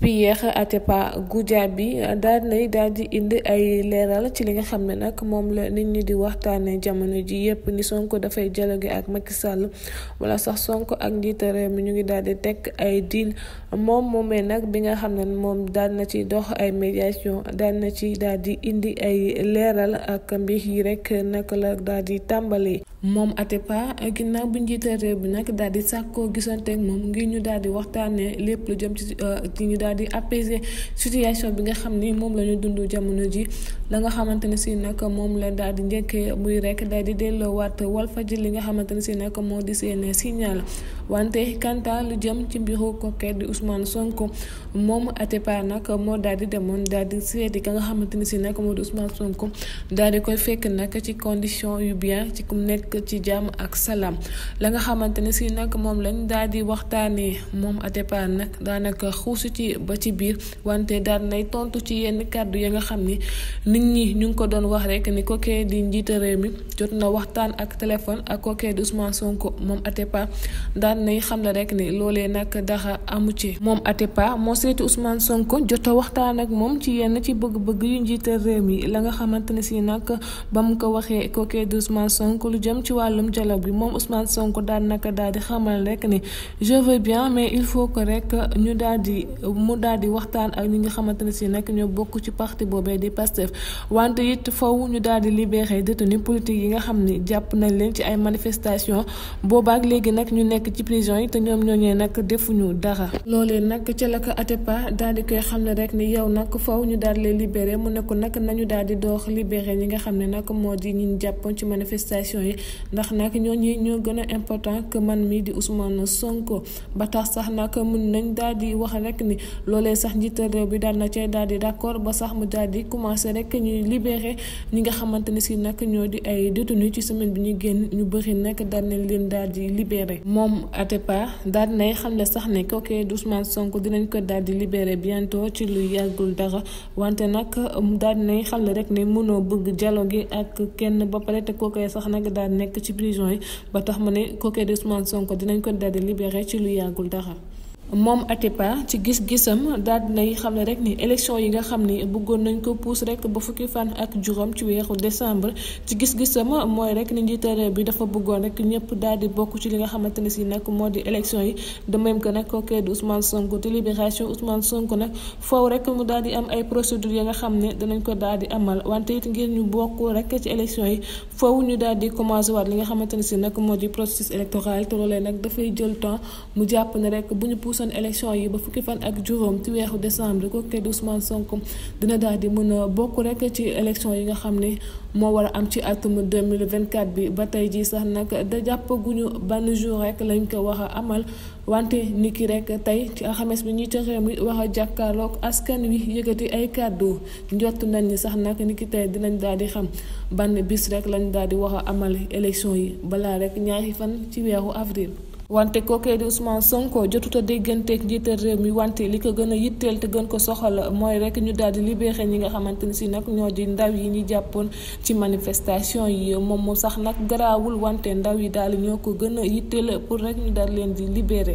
bi yeex Atepa Goudiaby daal nay daal di indi ay leeral ci li nga xam ne nag moom la nit ñi di waxtaanee jamono ji yépp ni Sonko dafay dialogue ak Macky Sall wala sax sonk ak njiitu réew mi ñu ngi daal di teg ay deal moom moomee nag bi nga xam ne moom daal na ci dox ay médiation daal na ci daal di indi ay leeral ak mbir yi rek naka la daal di tàmbali. moom Atepa ginnaaw bu njiitu réew bi nag daal di sàkkoo gisanteeg moom ngir ñu daal di lépp lu jëm ci euh, daal di apaiser situation bi nga xam ni moom la ñu dund jamono ji la nga xamante ne si nag moom la daal di njëkkee muy rek daal di delloowaat Walfadjri li nga xamante ne si nag moo di seen signal wante kanta jëm ci mbiru coquette di Ousmane Sonko moom Atépa nag moo daal di demoon daal di seeti ka nga xamante ne si nag moo di Ousmane Sonko daal di koy fekk nag ci condition yu bien ci ku nekk ci jàmm ak salaam la nga xamante ne si nag moom lañ daal di waxtaanee moom Atépa daanaka xuusu ci ba ci biir wante daal nay tontu ci yenn kàddu ya nga xam ni nit ñi ñu ngi ko doon wax rek ni kookee di njiite réew mi jot na waxtaan ak téléphone ak kookee di Ousmane Sonko moom Atepa daal nay xam la rek ni loolee nag daxa amu ci moom Atepa moo seeti Ousmane Sonko jot waxtaan ak moom ci yenn ci bëgg-bëgg yu njiite réew mi la nga xamante ne si nag ba mu ko waxee kookee di Ousmane sonk lu jëm ci wàllum dialogue bi moom Ousmane sonk daal naka daal di xamal ni je bien mais il faut que rek ñu daal mu daal di waxtaan ak ñi nga xamante ne si nag ñoo bokk ci parti boobee di Pastef wante it faw ñu daal di libéré détenu politique yi nga xam ni jàpp nañ leen ci ay manifestation boobaak léegi nag ñu nekk ci prison yi te ñoom ñooñee nag defuñu dara loolee nag ca la ko daal di koy xam ne rek ni yow nag faw ñu daal di libéré mu ne ko nag nañu daal di doox libéré ñi nga xam ne nag moo di ñi jàppoon ci manifestation yi ndax nag ñooñu ñoo gën a important que man mii di Ousmane Sonko ba sax nag mun nañ daal wax rek ni loole sax njiital réew bi daal na cee daal di d'accord ba sax mu daal di commencé rek ñuy libéré ñi nga xamante ne si nag ñoo di ay détenu ci semaine bi ñu génn ñu bëri nag daal leen daal di libéré moom Atepa daal nay xam ne sax ne kookee di Ousmane dinañ ko daal di libéré bientôt ci lu yàggul dara wante nag daal nay xam ne rek ne mënoo bëgg dialogue gi ak kenn ba pare te kookee sax nag daal nekk ci prison yi ba tax mu ne kookee di Ousmane sonk dinañ ko daal di libéré ci lu yàggul dara moom Atepa ci gis-gisam daal dinay ne rek ni élection yi nga xam ni bëggoon nañ ko puus rek ba fukki fan ak juróom ci weeru décembre ci gis-gisam mooy rek ni njiital bi dafa bëggoon rek ñëpp daal di bokk ci li nga xamante ne si nag moo di yi de même que nag kookee di Ousmane Sonko di libération Ousmane Sonko rek mu daal di am ay procédures ya nga xam ne danañ ko daal di amal wante it ngir ñu bokk rek ci élection yi foofu ñu daal di commencé waat li nga xamante ne si nag moo di processus électoral te loolee nag dafay son élection yi ba fukki fan ak juróom ci weeru décembre kooku di Ousmane Sonko dina daal di mën a bokk rek ci élection yi nga xam ne moo war a am ci atum 2024 bi ba tey jii sax nag da jàppaguñu bann jour rek lañ ko wax a amal wante ni ki rek tey ci alxames bi ñuy réew mi wax a jàkkaarloog askan wi yëkkati ay kàddu njott nañ ni sax nag ni tey dinañ daal di xam bann bis rek lañ daal di wax a amal élection yi balaa rek ñaari fan ci weeru avril wante kookee di Ousmane Sonko jotuta dégganteeg njiital réew mi wante li ko gën a yitteel te gën ko soxo la mooy rek ñu daal di libéré ñi nga xamante ni si nag ñoo di ndaw yi ñuy jàppoon ci manifestation yi moom mu sax nag garaawul wante ndaw yi daal ñoo ko gën a yitteel pour rek ñu daal leen di libéré.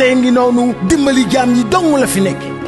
tey ngi noonu dimbali jaam yi dong la fi nekk